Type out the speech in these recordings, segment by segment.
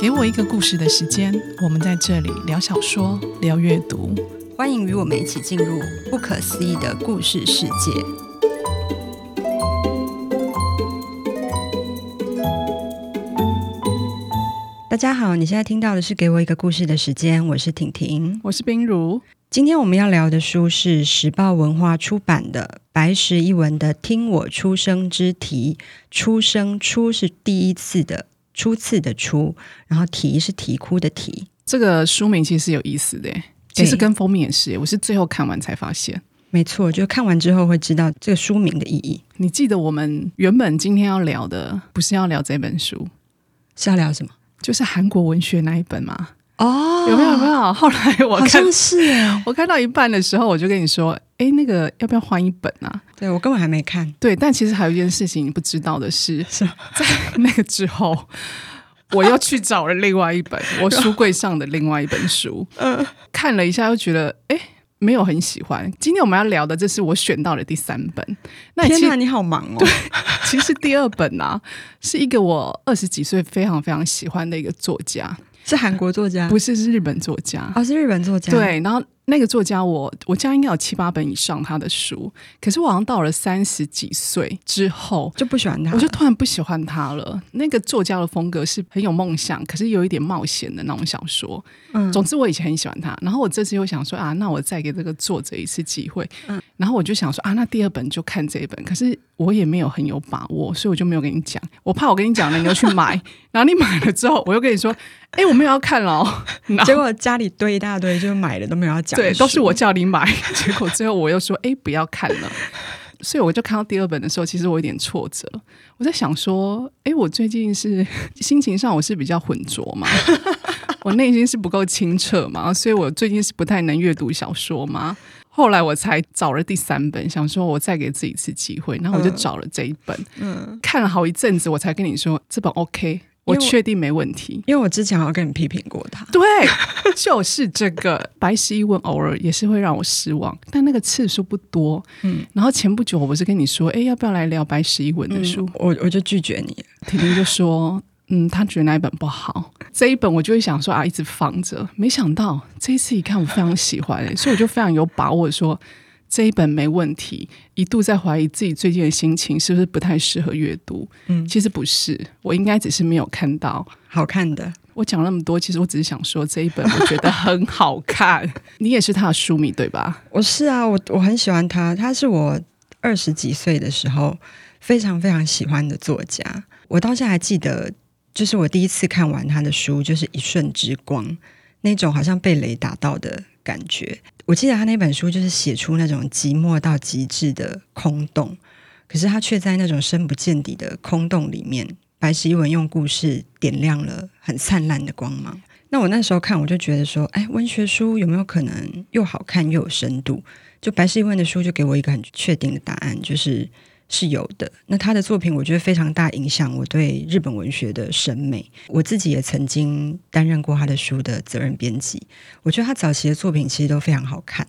給我一個故事的時間，我們在這裡聊小說、聊閱讀，歡迎與我們一起進入不可思議的故事世界。大家好，你現在聽到的是《給我一個故事的時間》，我是婷婷，我是彬如。今天我們要聊的書是時報文化出版的白石一文的《聽我初生之啼》，初生初是第一次的，初次的初，然後啼是啼哭的啼。這個書名其實是有意思的耶，其實跟封面也是耶。我是最後看完才發現，沒錯，就看完之後會知道這個書名的意義。你記得我們原本今天要聊的不是要聊這本書，是要聊什麼？就是韓國文學那一本嘛。哦，有沒有，有沒有？後來我看，好像是，我看到一半的時候，我就跟你說，哎、欸，那個要不要換一本啊？對，我根本還沒看。對，但其實還有一件事情你不知道的是，在那個之後，我又去找了另外一本 我書櫃上的另外一本書，嗯、 呃，看了一下又覺得，哎、欸，沒有很喜歡。今天我們要聊的，這是我選到的第三本。那天哪，你好忙哦！對，其實第二本呢、啊、是一個我二十幾歲非常非常喜歡的一個作家。是韓國作家？不是，是日本作家。啊、哦，是日本作家。對，然後那個作家我，我我家應該有七八本以上他的書。可是我好像到了三十幾歲之後就不喜歡他，我就突然不喜歡他了。那個作家的風格是很有夢想，可是有一點冒險的那種小說。嗯，總之我以前很喜歡他。然後我這次又想說啊，那我再給這個作者一次機會。嗯，然後我就想說啊，那第二本就看這一本。可是我也沒有很有把握，所以我就沒有跟你講。我怕我跟你講了，你要去買。 然後你買了之後，我又跟你說。哎、欸，我沒有要看哦、喔，然後結果家裡堆一大堆，就買了都沒有要講。對，都是我叫你買，結果最後我又說，哎、欸，不要看了。 所以我就看到第二本的時候，其實我有點挫折。我在想說，哎、欸，我最近是心情上我是比較渾濁嘛， 我內心是不夠清澈嘛，所以我最近是不太能閱讀小說嘛。後來我才找了第三本，想說我再給自己一次機會，然後我就找了這一本，嗯，嗯，看了好一陣子，我才跟你說這本 OK。我，我確定沒問題，因為我之前好像跟你批評過他。對，就是這個 白石一文，偶爾也是會讓我失望，但那個次數不多。嗯，然後前不久我不是跟你說，哎，要不要來聊白石一文的書？嗯，我我就拒絕你，婷婷就說，嗯，她覺得那一本不好，這一本我就會想說啊，一直放着，沒想到這一次一看，我非常喜歡，欸，所以我就非常有把握說。這一本沒問題，一度在懷疑自己最近的心情是不是不太適合閱讀。嗯，其實不是，我應該只是沒有看到好看的。我講那麼多，其實我只是想說這一本我覺得很好看。 你也是他的書迷對吧？我是啊，我我很喜歡他，他是我二十幾歲的時候非常非常喜歡的作家。我到現在還記得，就是我第一次看完他的書，就是《一瞬之光》，那種好像被雷打到的。感覺，我記得他那本書就是寫出那種寂寞到極致的空洞，可是他卻在那種深不見底的空洞裡面，白石一文用故事點亮了很燦爛的光芒。那我那時候看，我就覺得說，哎，文學書有沒有可能又好看又有深度？就白石一文的書就給我一個很確定的答案，就是。是有的。那他的作品，我覺得非常大影響我對日本文學的審美。我自己也曾經擔任過他的書的責任編輯。我覺得他早期的作品其實都非常好看。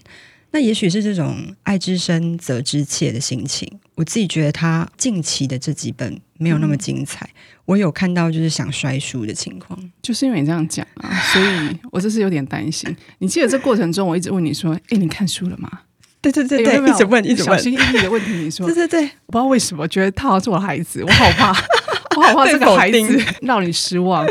那也許是這種愛之深責之切的心情，我自己覺得他近期的這幾本沒有那麼精彩。嗯、我有看到就是想摔書的情況，就是因為你這樣講啊，所以我就是有點擔心。 你記得這過程中我一直問你說：“誒，你看書了嗎？”對對對對，一直問一直問，一直問小心翼翼的問題，你說對對對，我不知道為什麼覺得他好像是我孩子，我好怕， 我好怕這個孩子讓你失望，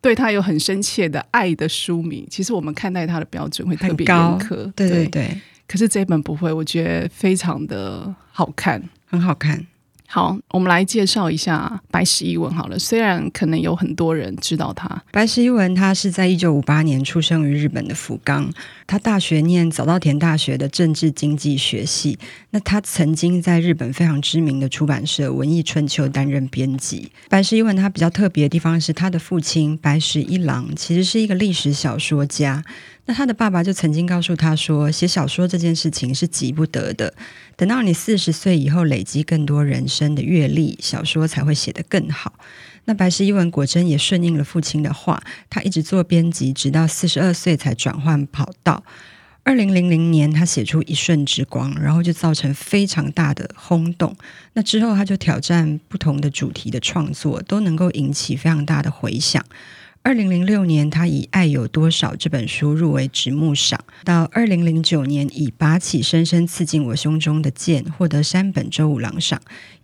對他有很深切的愛的書迷， 其實我們看待他的標準會特別苛刻，高對,對對對，可是這一本不會，我覺得非常的好看，很好看。好，我們來介紹一下白石一文好了。雖然可能有很多人知道他，白石一文他是在一九五八年出生於日本的福岡。他大學念早稻田大學的政治經濟學系。那他曾經在日本非常知名的出版社文藝春秋擔任編輯。白石一文他比較特別的地方是，他的父親白石一郎其實是一個歷史小說家。那他的爸爸就曾經告訴他說，寫小說這件事情是急不得的，等到你四十歲以後累積更多人生的閱歷，小說才會寫得更好。那白石一文果真也順應了父親的話，他一直做編輯，直到四十二歲才轉換跑道。二零零零年，他寫出《一瞬之光》，然後就造成非常大的轟動。那之後，他就挑戰不同的主題的創作，都能夠引起非常大的回響。二零零六年，他以《愛有多少》這本書入圍直木賞；到二零零九年，以《拔起深深刺進我胸中的劍》獲得山本周五郎賞；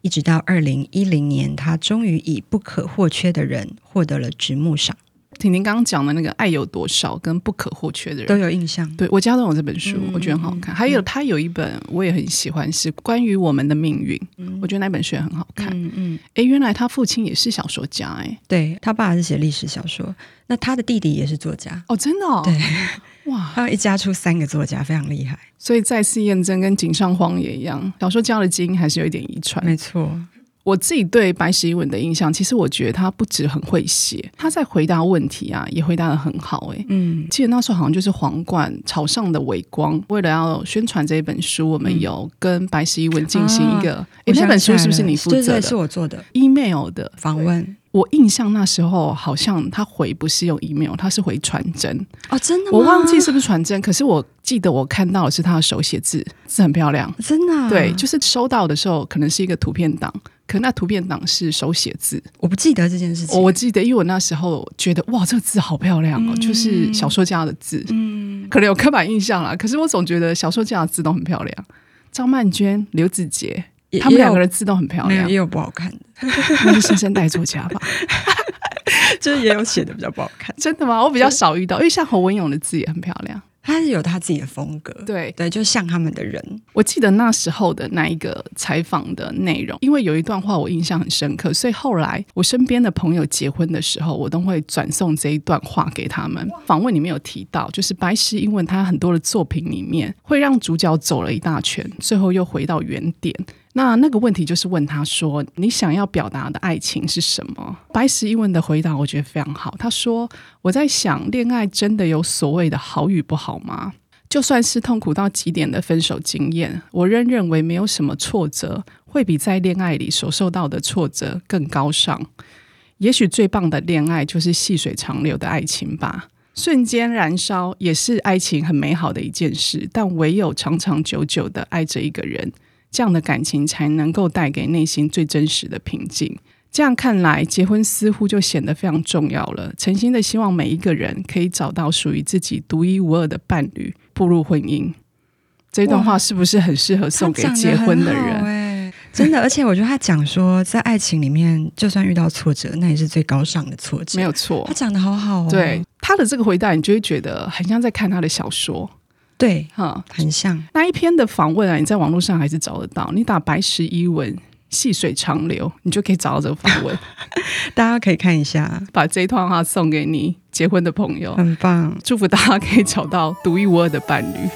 一直到二零一零年，他終於以《不可或缺的人》獲得了直木賞。婷婷剛剛講的那個《愛有多少》跟不可或缺的人都有印象，對，我家都有這本書，我覺得很好看。還有他有一本我也很喜歡，是關於我們的命運，我覺得那本書也很好看。嗯，哎，原來他父親也是小說家，哎，對，他爸是寫歷史小說，那他的弟弟也是作家，哦，真的哦，對，哇，他一家出三個作家，非常厲害。所以再次驗證，跟井上荒野一樣，小說家的基因還是有一點遺傳，沒錯。我自己對白石一文的印象，其實我覺得他不止很會寫，他在回答問題啊，也回答得很好。欸。哎，嗯，記得那時候好像就是皇冠草上的微光，為了要宣傳這一本書，我們有跟白石一文進行一個，哎、嗯，那、啊欸、本書是不是你負責的？對對對是我做的，email 的訪問。我印象那時候好像他回不是用 email，他是回傳真啊、哦，真的嗎？我忘記是不是傳真，可是我記得我看到的是他的手寫字，是很漂亮，真的、啊。對，就是收到的時候可能是一個圖片檔，可那圖片檔是手寫字，我不記得這件事情。我記得，因為我那時候覺得哇，這個字好漂亮哦，就是小說家的字，嗯，可能有刻板印象啦。可是我總覺得小說家的字都很漂亮，張曼娟、劉子杰。他們兩個人的字都很漂亮，沒有也有不好看的， 他們就深深代作家吧？ 就是也有寫的比較不好看， 真的嗎？我比較少遇到，就因為像侯文詠的字也很漂亮，他是有他自己的風格，對對，就像他們的人。我記得那時候的那一個採訪的內容，因為有一段話我印象很深刻，所以後來我身邊的朋友結婚的時候，我都會轉送這一段話給他們。哇訪問裡面有提到，就是白石一文他很多的作品裡面會讓主角走了一大圈，最後又回到原點。那那個問題就是問他說：“你想要表達的愛情是什麼？”白石一文的回答，我覺得非常好。他說：“我在想，戀愛真的有所謂的好與不好嗎？就算是痛苦到極點的分手經驗，我仍認為沒有什麼挫折會比在戀愛裡所受到的挫折更高尚。也許最棒的戀愛就是細水長流的愛情吧。瞬間燃燒也是愛情很美好的一件事，但唯有長長久久的愛着一個人。”這樣的感情才能夠帶給內心最真實的平靜。這樣看來，結婚似乎就顯得非常重要了。誠心的希望每一個人可以找到屬於自己獨一無二的伴侶，步入婚姻。這段話是不是很適合送給結婚的人？欸、真的，而且我覺得他講說，在愛情裡面，就算遇到挫折，那也是最高尚的挫折。沒有錯，他講得好好哦。對，他的這個回答，你就會覺得很像在看他的小說。對，哈，很像那一篇的訪問啊，你在網絡上還是找得到。你打“白石一文，細水長流”，你就可以找到這個訪問， 大家可以看一下。把這一段話送給你結婚的朋友，很棒，祝福大家可以找到獨一無二的伴侶。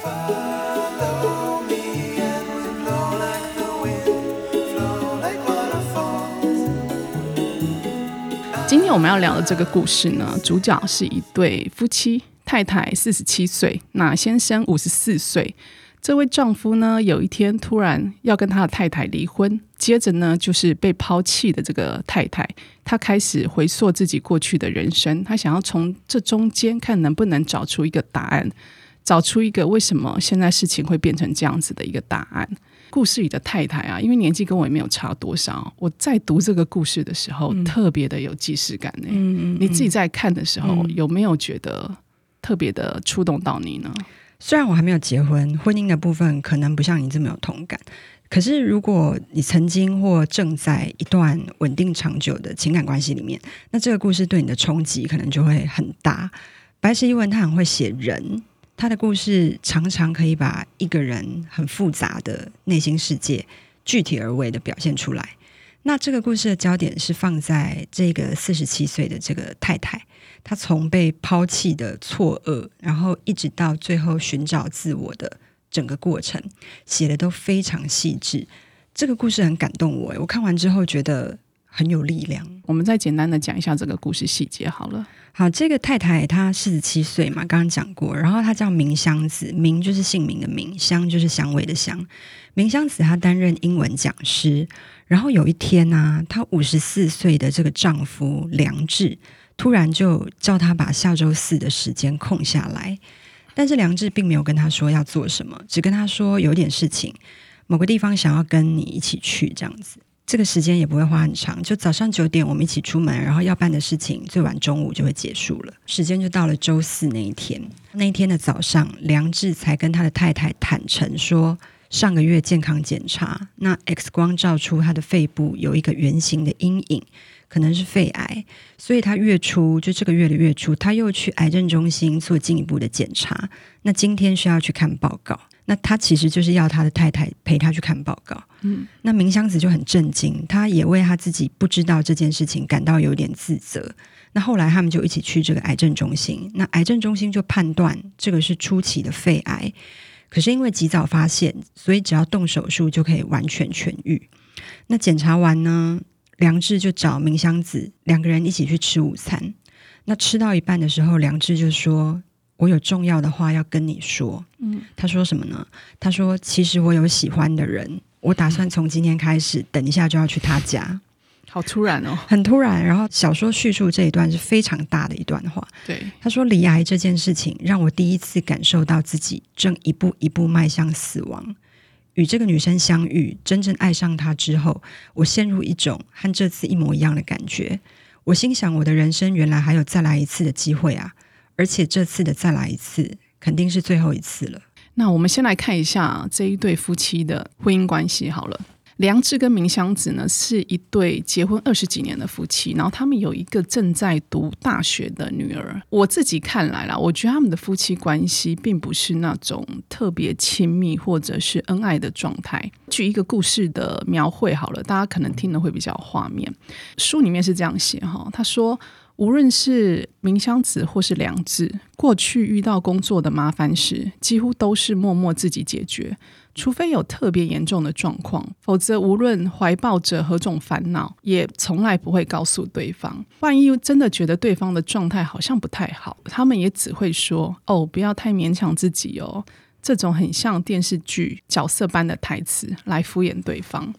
今天我們要聊的這個故事呢，主角是一對夫妻。太太四十七歲，那先生五十四歲。這位丈夫呢，有一天突然要跟他的太太離婚，接着呢就是被拋棄的這個太太，她開始回溯自己過去的人生，她想要從這中間看能不能找出一個答案，找出一個為什麼現在事情會變成這樣子的一個答案。故事裡的太太啊，因為年紀跟我也沒有差多少，我在讀這個故事的時候、嗯、特別的有既視感哎，嗯嗯嗯，你自己在看的時候、嗯、有沒有覺得？特別的觸動到你呢？雖然我還沒有結婚，婚姻的部分可能不像你這麼有同感。可是，如果你曾經或正在一段穩定長久的情感關係裡面，那這個故事對你的衝擊可能就會很大。白石一文他很會寫人，他的故事常常可以把一個人很複雜的內心世界具體而為的表現出來。那這個故事的焦點是放在這個四十七歲的這個太太。他從被拋棄的錯愕，然後一直到最後尋找自我的整個過程，寫的都非常細緻。這個故事很感動我耶，我看完之後覺得很有力量。我們再簡單的講一下這個故事細節好了。好，這個太太她四十七歲嘛，剛剛講過，然後她叫名香子，名就是姓名的名，香就是香味的香。名香子她擔任英文講師，然後有一天呢、啊，她五十四歲的這個丈夫良治。突然就叫他把下周四的時間空下來，但是良治並沒有跟他說要做什麼，只跟他說有點事情，某個地方想要跟你一起去這樣子。這個時間也不會花很長，就早上九點我們一起出門，然後要辦的事情最晚中午就會結束了。時間就到了周四那一天，那一天的早上，良治才跟他的太太坦誠說，上個月健康檢查那 X 光照出他的肺部有一個圓形的陰影。可能是肺癌，所以他月初就這個月的月初，他又去癌症中心做進一步的檢查。那今天需要去看報告，那他其實就是要他的太太陪他去看報告。嗯，那名香子就很震驚，他也為他自己不知道這件事情感到有點自責。那後來他們就一起去這個癌症中心，那癌症中心就判斷這個是初期的肺癌，可是因為及早發現，所以只要動手術就可以完全痊癒。那檢查完呢？良治就找名香子，兩個人一起去吃午餐。那吃到一半的時候，良治就說：“我有重要的話要跟你說。”嗯，他說什麼呢？他說：“其實我有喜歡的人，我打算從今天開始，等一下就要去他家。”好突然哦，很突然。然後小說敘述這一段是非常大的一段話。對，他說：“罹癌這件事情，讓我第一次感受到自己正一步一步邁向死亡。”與這個女生相遇，真正愛上她之後，我陷入一種和這次一模一樣的感覺。我心想，我的人生原來還有再來一次的機會啊，而且這次的再來一次，肯定是最後一次了。那我們先來看一下這一對夫妻的婚姻關係好了。良治跟名香子呢是一對結婚二十幾年的夫妻，然後他們有一個正在讀大學的女兒。我自己看來啦，我覺得他們的夫妻關係並不是那種特別親密或者是恩愛的狀態。舉一個故事的描繪好了，大家可能聽得會比較畫面。書裡面是這樣寫哈、哦，他說，無論是名香子或是良治，過去遇到工作的麻煩事，幾乎都是默默自己解決。除非有特別嚴重的狀況，否則無論懷抱着何種煩惱，也從來不會告訴對方。萬一真的覺得對方的狀態好像不太好，他們也只會說：“哦，不要太勉強自己哦。”這種很像電視劇角色般的台詞來敷衍對方。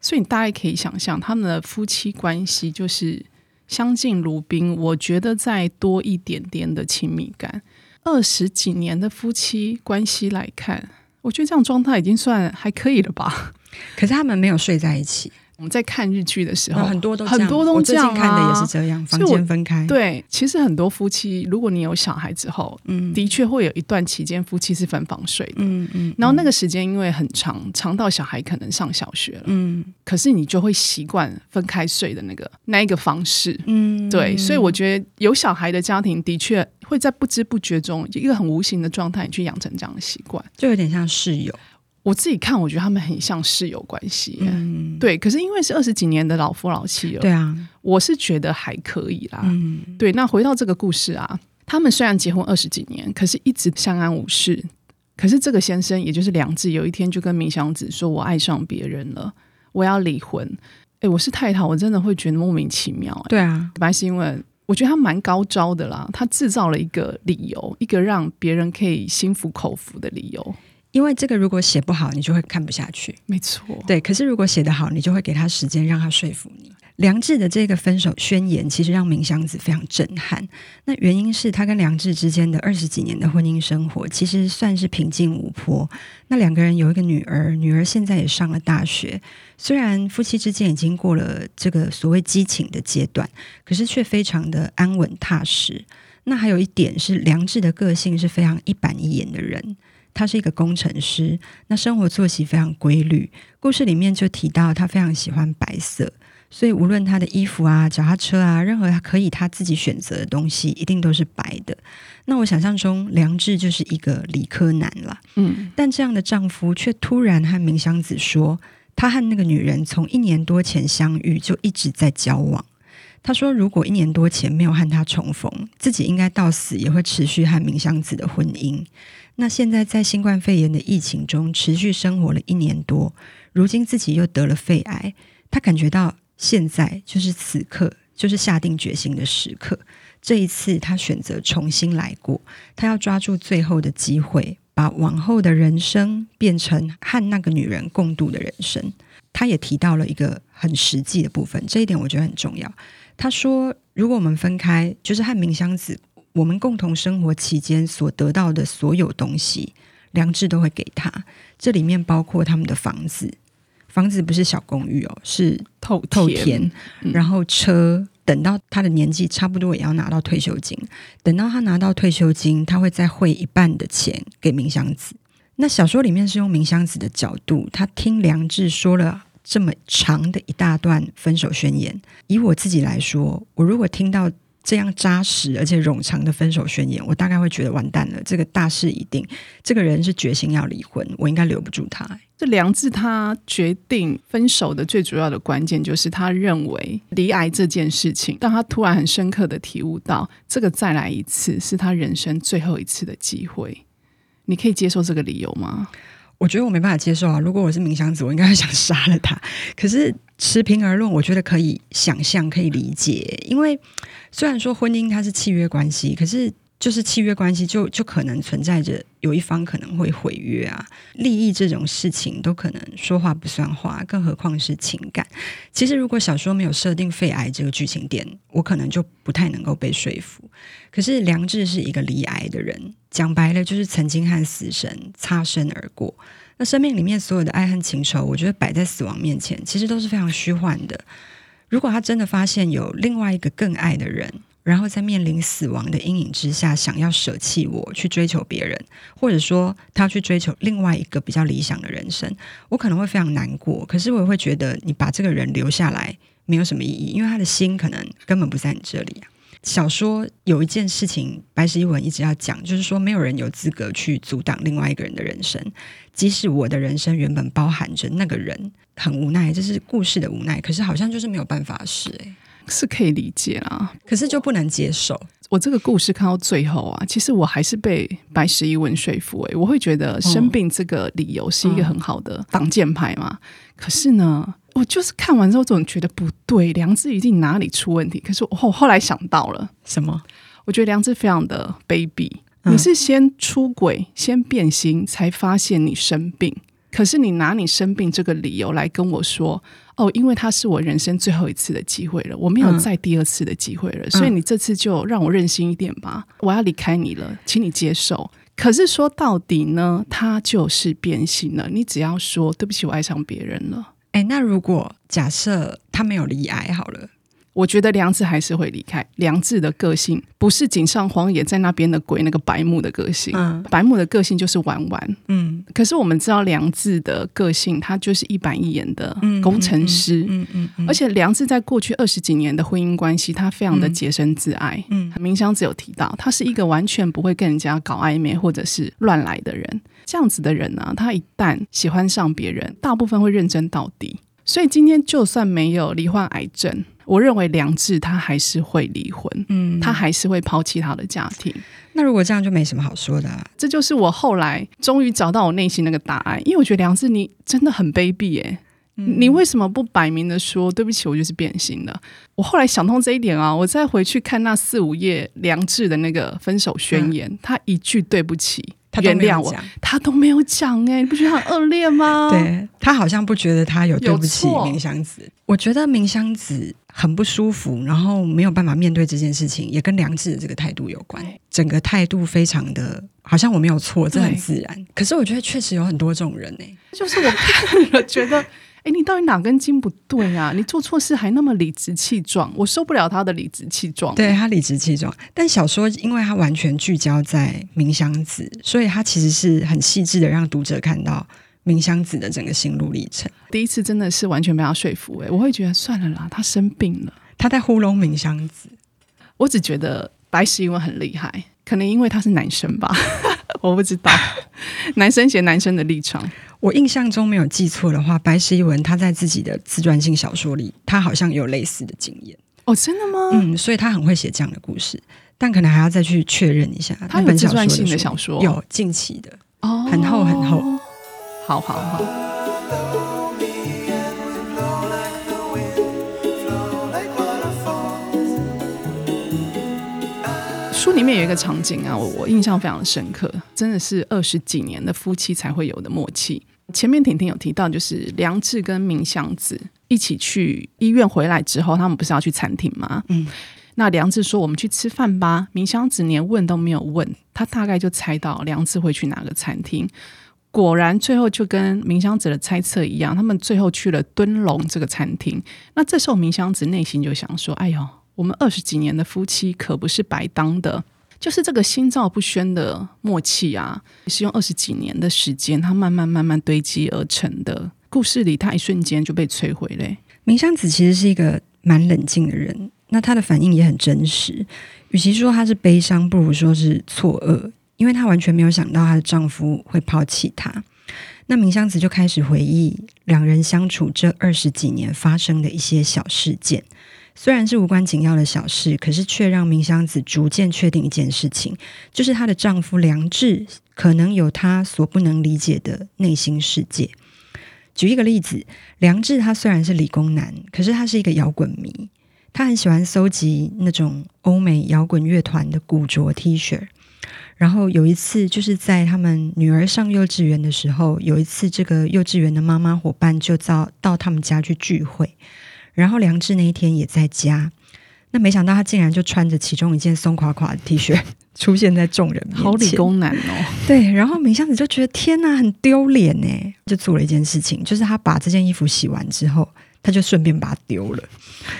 所以，你大概可以想象他們的夫妻關係就是相敬如賓。我覺得再多一點點的親密感，二十幾年的夫妻關係來看。我覺得這種狀態已經算還可以了吧，可是他們沒有睡在一起。我們在看日劇的時候，很多都很多都這樣，都這樣，啊、看的也是這樣，房間分開。對，其實很多夫妻，如果你有小孩之後，嗯，的確會有一段期間夫妻是分房睡的，嗯嗯。嗯嗯然後那個時間因為很長，長到小孩可能上小學了，嗯。可是你就會習慣分開睡的那個那一個方式，嗯，對。所以我覺得有小孩的家庭的確會在不知不覺中一個很無形的狀態去養成這樣的習慣，就有點像室友。我自己看，我覺得他們很像室友關係，嗯、對。可是因為是二十幾年的老夫老妻了，對啊，我是覺得還可以啦。嗯、對，那回到這個故事啊，他們雖然結婚二十幾年，可是一直相安無事。可是這個先生，也就是良治，有一天就跟名香子說：“我愛上別人了，我要離婚。”哎，我是太太，我真的會覺得莫名其妙。對啊，主要是因為我覺得他蠻高招的啦，他製造了一個理由，一個讓別人可以心服口服的理由。因為這個如果寫不好，你就會看不下去。沒錯，對。可是如果寫得好，你就會給他時間，讓他說服你。良治的這個分手宣言，其實讓名香子非常震撼。那原因是，他跟良治之間的二十幾年的婚姻生活，其實算是平靜無波。那兩個人有一個女兒，女兒現在也上了大學。雖然夫妻之間已經過了這個所謂激情的階段，可是卻非常的安穩踏實。那還有一點是，良治的個性是非常一板一眼的人。他是一個工程師，那生活作息非常規律。故事裡面就提到他非常喜歡白色，所以無論他的衣服啊、腳踏車啊，任何可以他自己選擇的東西，一定都是白的。那我想象中，良治就是一個理科男了。嗯，但這樣的丈夫卻突然和名香子說，他和那個女人從一年多前相遇就一直在交往。他說，如果一年多前沒有和他重逢，自己應該到死也會持續和名香子的婚姻。那現在在新冠肺炎的疫情中持續生活了一年多，如今自己又得了肺癌，他感覺到現在就是此刻，就是下定決心的時刻。這一次他選擇重新來過，他要抓住最後的機會，把往後的人生變成和那個女人共度的人生。他也提到了一個很實際的部分，這一點我覺得很重要。他說：“如果我們分開，就是和名香子。”我們共同生活期間所得到的所有東西，良治都會給他。這裡面包括他們的房子，房子不是小公寓哦，是透田透天。嗯、然後車，等到他的年紀差不多也要拿到退休金。等到他拿到退休金，他會再匯一半的錢給名香子。那小說裡面是用名香子的角度，他聽良治說了這麼長的一大段分手宣言。以我自己來說，我如果聽到，這樣扎實而且冗長的分手宣言，我大概會覺得完蛋了。這個大勢已定，這個人是決心要離婚，我應該留不住他。這良治他決定分手的最主要的關鍵，就是他認為罹癌這件事情，讓他突然很深刻的體悟到，這個再來一次是他人生最後一次的機會。你可以接受這個理由嗎？我覺得我沒辦法接受啊！如果我是名香子，我應該會想殺了他。可是持平而論，我覺得可以想象、可以理解，因為雖然說婚姻它是契約關係，可是。就是契約關係，就就可能存在着有一方可能會毀約啊，利益這種事情都可能說話不算話，更何況是情感。其實如果小說沒有設定肺癌這個劇情點，我可能就不太能夠被說服。可是良治是一個罹癌的人，講白了就是曾經和死神擦身而過。那生命裡面所有的愛恨情仇，我覺得擺在死亡面前，其實都是非常虛幻的。如果他真的發現有另外一個更愛的人，然後在面臨死亡的陰影之下，想要捨棄我去追求別人，或者說他要去追求另外一個比較理想的人生，我可能會非常難過。可是我也會覺得，你把這個人留下來沒有什麼意義，因為他的心可能根本不在你這裡啊。小說有一件事情，白石一文一直要講，就是說沒有人有資格去阻擋另外一個人的人生，即使我的人生原本包含着那個人，很無奈，這是故事的無奈，可是好像就是沒有辦法是欸。是可以理解啦，可是就不能接受。我，我這個故事看到最後啊，其實我還是被白石一文說服、欸。誒，我會覺得生病這個理由是一個很好的擋箭牌嘛。可是呢，我就是看完之後總覺得不對，良治一定哪裡出問題。可是我後，我後來想到了什麼？我覺得良治非常的卑鄙。啊、你是先出軌，先變心，才發現你生病。可是你拿你生病這個理由來跟我說。哦，因為他是我人生最後一次的機會了，我沒有再第二次的機會了，嗯、所以你這次就讓我任性一點吧，嗯、我要離開你了，請你接受。可是說到底呢，他就是變心了。你只要說對不起，我愛上別人了。哎、欸，那如果假設他沒有離愛好了？我覺得良治還是會離開。良治的個性不是井上荒野在那邊的鬼，那個白木的個性。嗯。白木的個性就是玩玩。嗯。可是我們知道良治的個性，他就是一板一眼的工程師。嗯，嗯嗯。而且良治在過去二十幾年的婚姻關係，他非常的潔身自愛。嗯。名香子有提到，他是一個完全不會跟人家搞曖昧或者是亂來的人。這樣子的人呢、啊，他一旦喜歡上別人，大部分會認真到底。所以今天就算沒有罹患癌症，我認為良治他還是會離婚，嗯，他還是會拋棄他的家庭。那如果這樣就沒什麼好說的，啊，這就是我後來終於找到我內心那個答案。因為我覺得良治你真的很卑鄙耶，耶、嗯、你為什麼不擺明的說對不起，我就是變心了？我後來想通這一點啊，我再回去看那四五頁良治的那個分手宣言，嗯、他一句對不起。他都沒有講，他都沒有講哎、欸，你不覺得他很惡劣嗎？ 對，他好像不覺得他有對不起名香錯子，我覺得名香子很不舒服，然後沒有辦法面對這件事情，也跟良治的這個態度有關，欸、整個態度非常的好像我沒有錯，這很自然。欸、可是我覺得確實有很多這種人呢、欸，就是我看了覺得。 哎，你到底哪根筋不對啊？你做錯事還那麼理直氣壯，我受不了他的理直氣壯。對他理直氣壯，但小說因為他完全聚焦在名香子，所以他其實是很細緻的讓讀者看到名香子的整個心路歷程。第一次真的是完全被他說服、欸，誒，我會覺得算了啦，他生病了，他在糊弄名香子。我只覺得白石一文很厲害，可能因為他是男生吧。 我不知道，男生寫男生的立場。 我印象中沒有記錯的話，白石一文他在自己的自傳性小說裡，他好像有類似的經驗。哦，真的嗎？嗯，所以他很會寫這樣的故事，但可能還要再去確認一下。他本自傳性的小說的有近期的哦，很厚很厚。好好好。裡面有一個場景啊，我我印象非常深刻，真的是二十幾年的夫妻才會有的默契。前面婷婷有提到，就是良治跟名香子一起去醫院回來之後，他們不是要去餐廳嗎？嗯，那良治說我們去吃飯吧，名香子連問都沒有問，他大概就猜到良治會去哪個餐廳。果然，最後就跟名香子的猜測一樣，他們最後去了敦龍這個餐廳。那這時候名香子內心就想說：“哎呦。”我們二十幾年的夫妻可不是白當的，就是這個心照不宣的默契啊，是用二十幾年的時間，它慢慢慢慢堆積而成的。故事裡，它一瞬間就被摧毀嘞、欸。名香子其實是一個蠻冷靜的人，那她的反應也很真實。與其說她是悲傷，不如說是錯愕，因為她完全沒有想到她的丈夫會拋棄她。那名香子就開始回憶兩人相處這二十幾年發生的一些小事件。雖然是無關緊要的小事，可是卻讓名香子逐漸確定一件事情，就是她的丈夫良治可能有她所不能理解的內心世界。舉一個例子，良治他雖然是理工男，可是他是一個搖滾迷，他很喜歡蒐集那種歐美搖滾樂團的古着 T 恤。然後有一次，就是在他們女兒上幼稚園的時候，有一次這個幼稚園的媽媽夥伴就到到他們家去聚會。然後良治那一天也在家，那沒想到他竟然就穿着其中一件鬆垮垮的 T 恤出現在眾人面前，好理工男哦。對，然後名香子就覺得天吶，很丟臉欸，就做了一件事情，就是他把這件衣服洗完之後，他就順便把它丟了。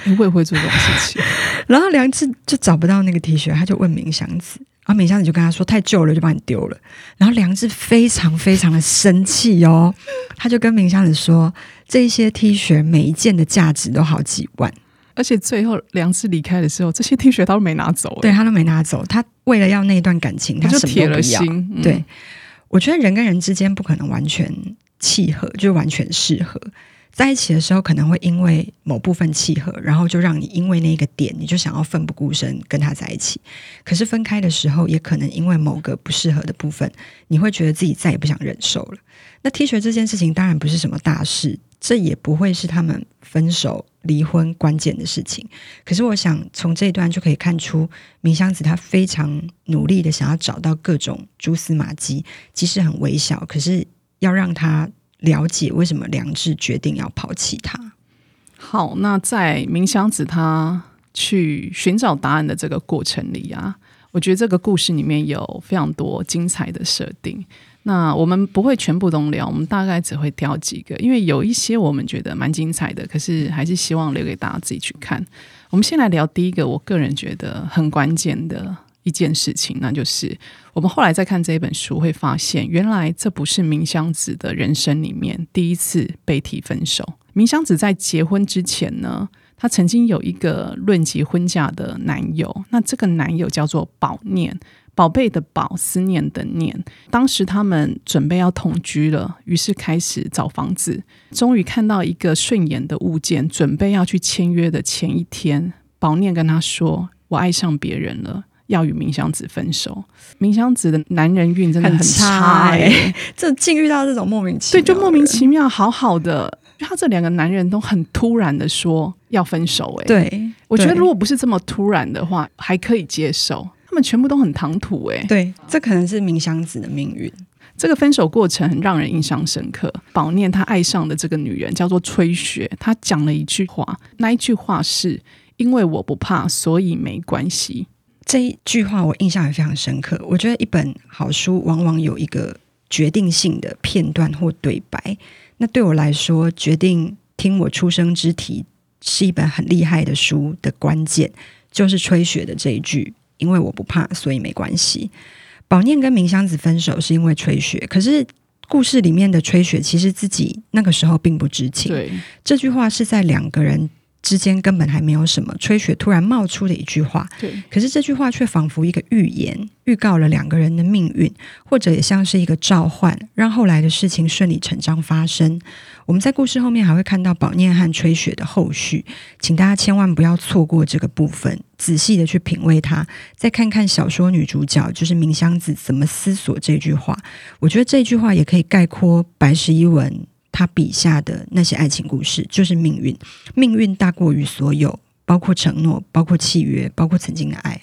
你會不會做這種事情？ 然後良治就找不到那個 T 恤，他就問名香子。然後、啊、名香子就跟他說：“太舊了，就把你丟了。”然後良治非常非常的生氣哦， 他就跟名香子說：“這些 T 恤每一件的價值都好幾萬，而且最後良治離開的時候，這些 T 恤他都沒拿走、欸。對”對他都沒拿走。他為了要那一段感情，他就鐵了心。嗯、對，我覺得人跟人之間不可能完全契合，就完全適合。在一起的時候，可能會因為某部分契合，然後就讓你因為那個點，你就想要奮不顧身跟他在一起。可是分開的時候，也可能因為某個不適合的部分，你會覺得自己再也不想忍受了。那 T 恤這件事情當然不是什麼大事，這也不會是他們分手、離婚關鍵的事情。可是我想從這一段就可以看出，名香子她非常努力的想要找到各種蛛絲馬跡，即使很微小，可是要讓他了解為什麼良治決定要拋棄他。好，那在名香子他去尋找答案的這個過程裡啊，我覺得這個故事裡面有非常多精彩的設定。那我們不會全部都聊，我們大概只會挑幾個，因為有一些我們覺得蠻精彩的，可是還是希望留給大家自己去看。我們先來聊第一個，我個人覺得很關鍵的一件事情，那就是我們後來再看這一本書，會發現原來這不是名香子的人生裡面第一次被提分手。名香子在結婚之前呢，她曾經有一個論及婚嫁的男友，那這個男友叫做寶念，寶貝的寶，思念的念。當時他們準備要同居了，於是開始找房子，終於看到一個順眼的物件，準備要去簽約的前一天，寶念跟他說：“我愛上別人了。”要與名香子分手，名香子的男人運真的很差哎、欸，這竟、欸、遇到這種莫名其妙，對，就莫名其妙，好好的， 他這兩個男人都很突然的說要分手哎、欸，對我覺得如果不是這麼突然的話，對還可以接受，他們全部都很唐突哎、欸，對，這可能是名香子的命運。這個分手過程很讓人印象深刻。寶念他愛上的這個女人叫做吹雪，她講了一句話，那一句話是因為我不怕，所以沒關係。這一句話我印象也非常深刻。我覺得一本好書往往有一個決定性的片段或對白。那對我來說，決定聽我初生之啼是一本很厲害的書的關鍵，就是吹雪的這一句：“因為我不怕，所以沒關係。”寶念跟名香子分手是因為吹雪，可是故事裡面的吹雪其實自己那個時候並不知情。對這句話是在兩個人。之間根本還沒有什麼，吹雪突然冒出的一句話，對，可是這句話卻仿佛一個預言，預告了兩個人的命運，或者也像是一個召喚，讓後來的事情順理成章發生。我們在故事後面還會看到寶念和吹雪的後續，請大家千萬不要錯過這個部分，仔細的去品味它，再看看小說女主角就是名香子怎麼思索這句話。我覺得這句話也可以概括白石一文。他筆下的那些愛情故事，就是命運，命運大過於所有，包括承諾，包括契約，包括曾經的愛。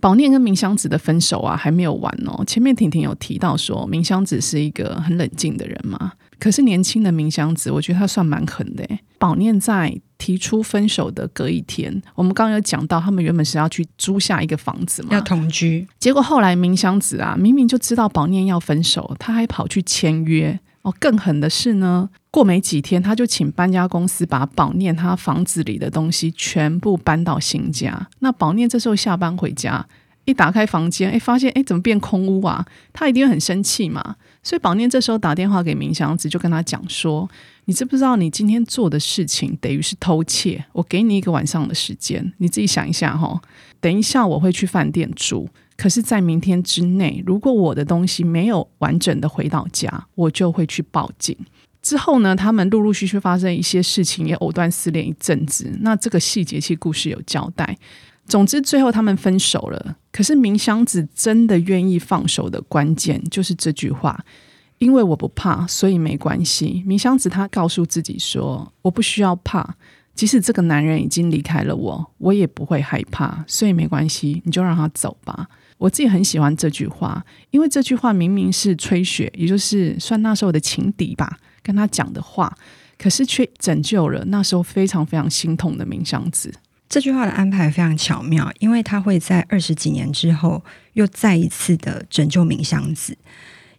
寶念跟名香子的分手啊，還沒有完哦。前面婷婷有提到說，名香子是一個很冷靜的人嘛，可是年輕的名香子，我覺得他算蠻狠的。寶念在提出分手的隔一天，我們剛剛有講到，他們原本是要去租下一個房子嘛，要同居，結果後來名香子啊，明明就知道寶念要分手，他還跑去簽約。更狠的是呢，過沒幾天，他就請搬家公司把寶念他房子裡的東西全部搬到新家。那寶念這時候下班回家，一打開房間，誒發現誒怎麼變空屋啊？他一定會很生氣嘛。所以寶念這時候打電話給名香子，就跟他講說：“你知不知道你今天做的事情等於是偷竊？我給你一個晚上的時間，你自己想一下哈、哦。等一下我會去飯店住。”可是，在明天之內，如果我的東西沒有完整的回到家，我就會去報警。之後呢，他們陸陸續續發生一些事情，也藕斷絲連一陣子。那這個細節，其實故事有交代。總之，最後他們分手了。可是，名香子真的願意放手的關鍵就是這句話：因為我不怕，所以沒關係。名香子她告訴自己說：“我不需要怕，即使這個男人已經離開了我，我也不會害怕，所以沒關係，你就讓他走吧。”我自己很喜歡這句話，因為這句話明明是吹雪，也就是算那時候的情敵吧，跟他講的話，可是卻拯救了那時候非常非常心痛的名香子。這句話的安排非常巧妙，因為他會在二十幾年之後又再一次的拯救名香子。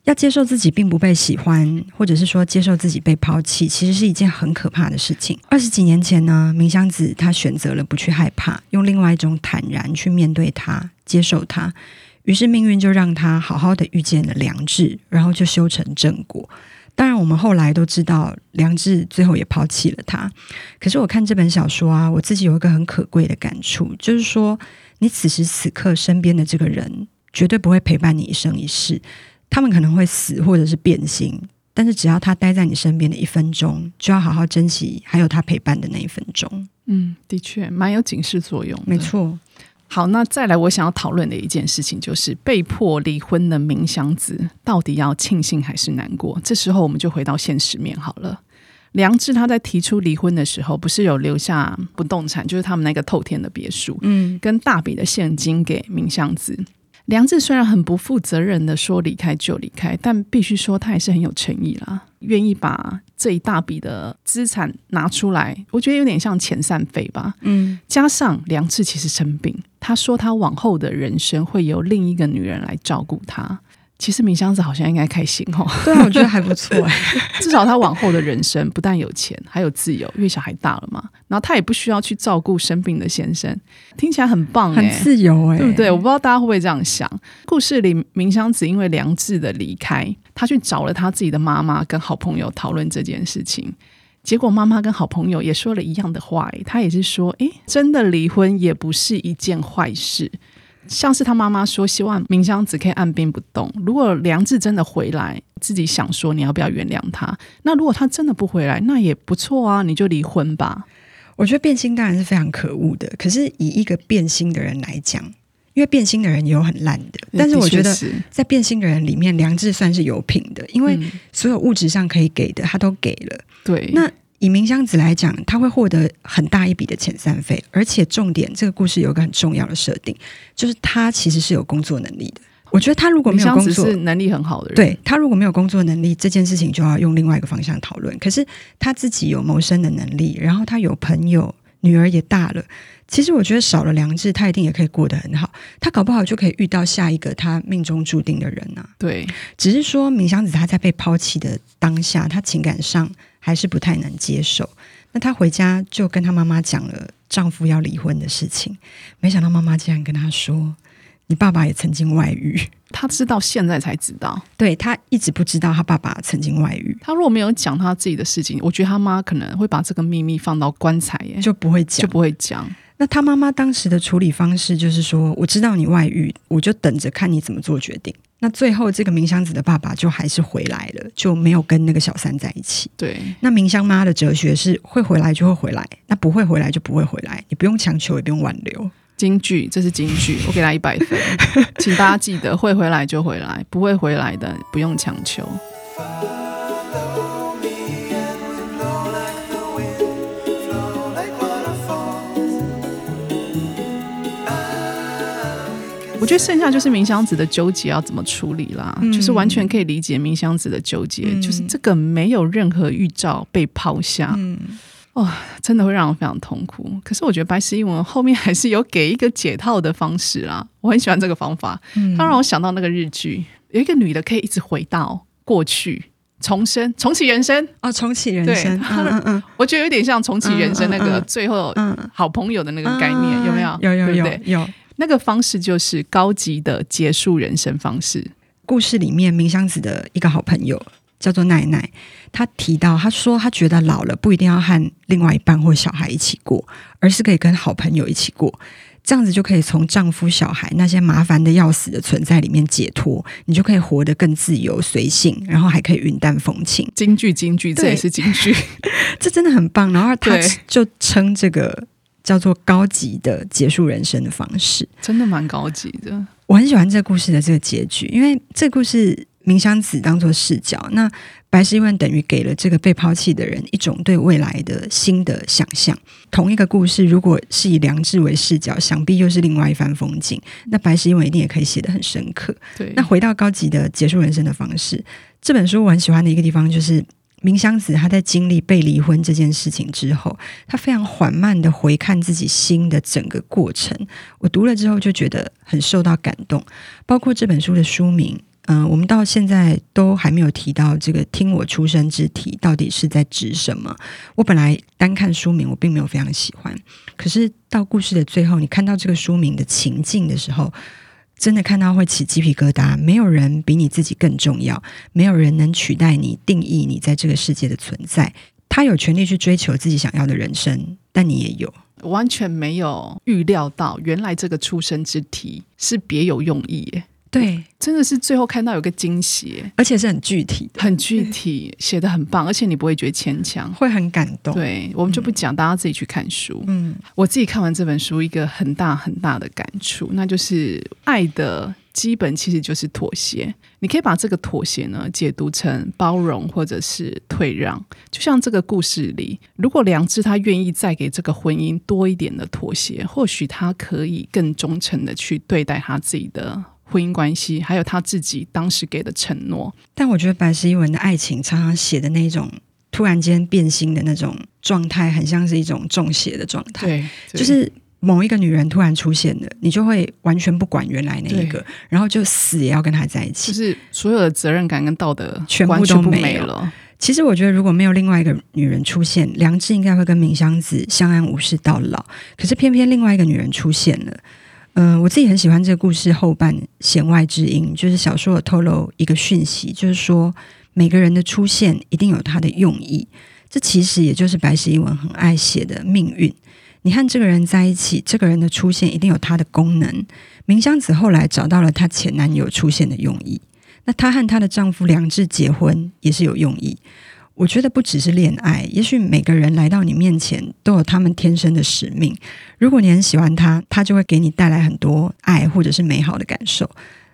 要接受自己並不被喜歡，或者是說接受自己被拋棄，其實是一件很可怕的事情。二十幾年前呢，名香子她選擇了不去害怕，用另外一種坦然去面對他，接受他。於是命運就讓他好好的遇見了良治，然後就修成正果。當然，我們後來都知道，良治最後也拋棄了他。可是我看這本小說啊，我自己有一個很可貴的感觸，就是說，你此時此刻身邊的這個人，絕對不會陪伴你一生一世。他們可能會死，或者是變心，但是只要他待在你身邊的一分鐘，就要好好珍惜還有他陪伴的那一分鐘。嗯，的確，蠻有警示作用。沒錯。好，那再來我想要討論的一件事情，就是被迫離婚的名香子到底要慶幸還是難過？這時候我們就回到現實面好了。良治他在提出離婚的時候，不是有留下不動產，就是他們那個透天的別墅，嗯，跟大筆的現金給名香子。良治雖然很不負責任的說離開就離開，但必須說他也是很有誠意啦，願意把這一大筆的資產拿出來，我覺得有點像遣散費吧。嗯，加上良治其實生病，他說他往後的人生會由另一個女人來照顧他。其實名香子好像應該開心哈，哦， 對啊，我覺得還不錯哎， 至少她往後的人生不但有錢，還有自由，因為小孩大了嘛，然後她也不需要去照顧生病的先生，聽起來很棒，很自由哎，對不對？我不知道大家會不會這樣想。 故事裡名香子因為良治的離開，她去找了她自己的媽媽跟好朋友討論這件事情，結果媽媽跟好朋友也說了一樣的話他她也是說，哎，真的離婚也不是一件壞事。像是他媽媽說，希望名香子可以按兵不動。如果良治真的回來，自己想說你要不要原諒他？那如果他真的不回來，那也不錯啊，你就離婚吧。我覺得變心當然是非常可惡的，可是以一個變心的人來講，因為變心的人也有很爛的，但是我覺得在變心的人裡面，良治算是有品的，因為所有物質上可以給的他都給了。嗯、對，那。以名香子來講，他會獲得很大一筆的遣散費，而且重點，這個故事有一個很重要的設定，就是他其實是有工作能力的。我覺得他如果沒有工作，是能力很好的人。對，他如果沒有工作能力，這件事情就要用另外一個方向討論。可是他自己有謀生的能力，然後他有朋友，女兒也大了。其實我覺得少了良治，他一定也可以過得很好。他搞不好就可以遇到下一個他命中注定的人吶、啊。對，只是說名香子他在被拋棄的當下，他情感上。還是不太能接受，那她回家就跟她媽媽講了丈夫要離婚的事情，沒想到媽媽竟然跟她說：“你爸爸也曾經外遇。”她直到現在才知道，對，她一直不知道她爸爸曾經外遇。她如果沒有講她自己的事情，我覺得她媽可能會把這個祕密放到棺材，就不會講。就不會講。那她媽媽當時的處理方式就是說：“我知道你外遇，我就等着看你怎麼做決定。”那最後，這個名香子的爸爸就還是回來了，就沒有跟那個小三在一起。對，那名香媽的哲學是：會回來就會回來，那不會回來就不會回來，你不用強求，也不用挽留。金句，這是金句， 我給他一百分， 請大家記得：會回來就回來，不會回來的不用強求。我覺得剩下就是名香子的糾結要怎麼處理啦，就是完全可以理解名香子的糾結，就是這個沒有任何預兆被拋下，哇，真的會讓我非常痛苦。可是我覺得白石一文後面還是有給一個解套的方式啦，我很喜歡這個方法，他讓我想到那個日劇，有一個女的可以一直回到過去，重生重啟人生啊，重啟人生，對，嗯嗯，我覺得有點像重啟人生那個最後好朋友的那個概念，有沒有？有有有有。那個方式就是高級的結束人生方式。故事裡面，名香子的一個好朋友叫做奈奈，她提到，她說她覺得老了不一定要和另外一半或小孩一起過，而是可以跟好朋友一起過，這樣子就可以從丈夫、小孩那些麻煩的要死的存在裡面解脫，你就可以活得更自由、隨性，然後還可以雲淡風輕。金句，金句對，這也是金句， 這真的很棒。然後她就稱這個。叫做高級的結束人生的方式，真的蠻高級的。我很喜歡這個故事的這個結局，因為這個故事名香子當做視角，那白石一文等於給了這個被拋棄的人一種對未來的新的想象。同一個故事如果是以良治為視角，想必又是另外一番風景。那白石一文一定也可以寫得很深刻。對，那回到高級的結束人生的方式，這本書我很喜歡的一個地方就是。明香子，他在經歷被離婚這件事情之後，他非常緩慢地回看自己心的整個過程。我讀了之後就覺得很受到感動，包括這本書的書名，嗯、呃，我們到現在都還沒有提到這個“聽我出生之題到底是在指什麼？我本來單看書名，我並沒有非常喜歡，可是到故事的最後，你看到這個書名的情境的時候。真的看到會起雞皮疙瘩。沒有人比你自己更重要，沒有人能取代你，定義你在這個世界的存在。他有權利去追求自己想要的人生，但你也有。完全沒有預料到，原來這個初生之啼是別有用意耶。對，真的是最後看到有個驚喜，而且是很具體的，很具體寫得很棒，而且你不會覺得牽強，會很感動。對，我們就不講，嗯、大家自己去看書。嗯，我自己看完這本書，一個很大很大的感觸，那就是愛的基本其實就是妥協。你可以把這個妥協呢解讀成包容或者是退讓，就像這個故事裡，如果良治他願意再給這個婚姻多一點的妥協，或許他可以更忠誠的去對待他自己的。婚姻關係，還有他自己當時給的承諾，但我覺得白石一文的愛情常常寫的那種突然間變心的那種狀態，很像是一種中邪的狀態。對，就是某一個女人突然出現了，你就會完全不管原來那一個，對然後就死也要跟她在一起，就是所有的責任感跟道德全部都沒有，完全不沒了。其實我覺得，如果沒有另外一個女人出現，良治應該會跟名香子相安無事到老。可是偏偏另外一個女人出現了。嗯、呃，我自己很喜歡這個故事後半弦外之音，就是小說有透露一個訊息，就是說每個人的出現一定有他的用意。這其實也就是白石一文很愛寫的命運。你和這個人在一起，這個人的出現一定有他的功能。名香子後來找到了她前男友出現的用意，那她和她的丈夫良治結婚也是有用意。我覺得不只是戀愛，也許每個人來到你面前都有他們天生的使命。如果你很喜歡他，他就會給你帶來很多愛或者是美好的感受。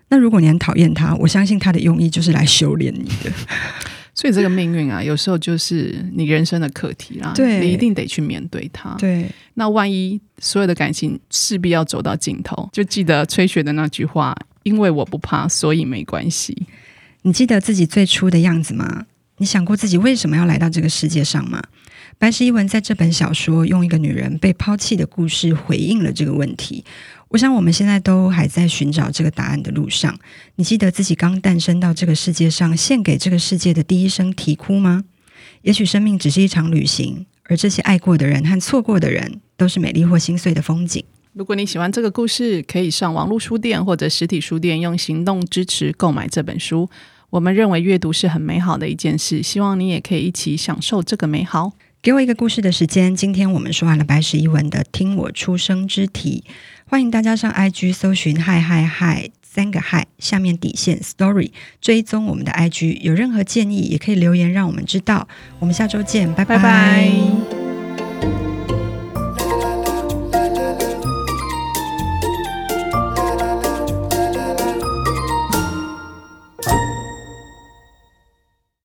那如果你很討厭他，我相信他的用意就是來修煉你的。 所以這個命運啊，有時候就是你人生的課題啦、啊，對你一定得去面對它。對，那萬一所有的感情勢必要走到盡頭，就記得崔雪的那句話：“因為我不怕，所以沒關係。”你記得自己最初的樣子嗎？你想過自己為什麼要來到這個世界上嗎？白石一文在這本小說用一個女人被拋棄的故事回應了這個問題。我想我們現在都還在尋找這個答案的路上。你記得自己剛誕生到這個世界上，獻給這個世界的第一聲啼哭嗎？也許生命只是一場旅行，而這些愛過的人和錯過的人，都是美麗或心碎的風景。如果你喜歡這個故事，可以上網絡書店或者實體書店，用行動支持購買這本書。我們認為閱讀是很美好的一件事，希望你也可以一起享受這個美好。給我一個故事的時間。今天我們說完了白石一文的《聽我初生之啼》，歡迎大家上 IG 搜尋嗨嗨嗨三個嗨，下面底線 Story 追蹤我們的 IG。有任何建議也可以留言讓我們知道。我們下周見，拜拜。拜拜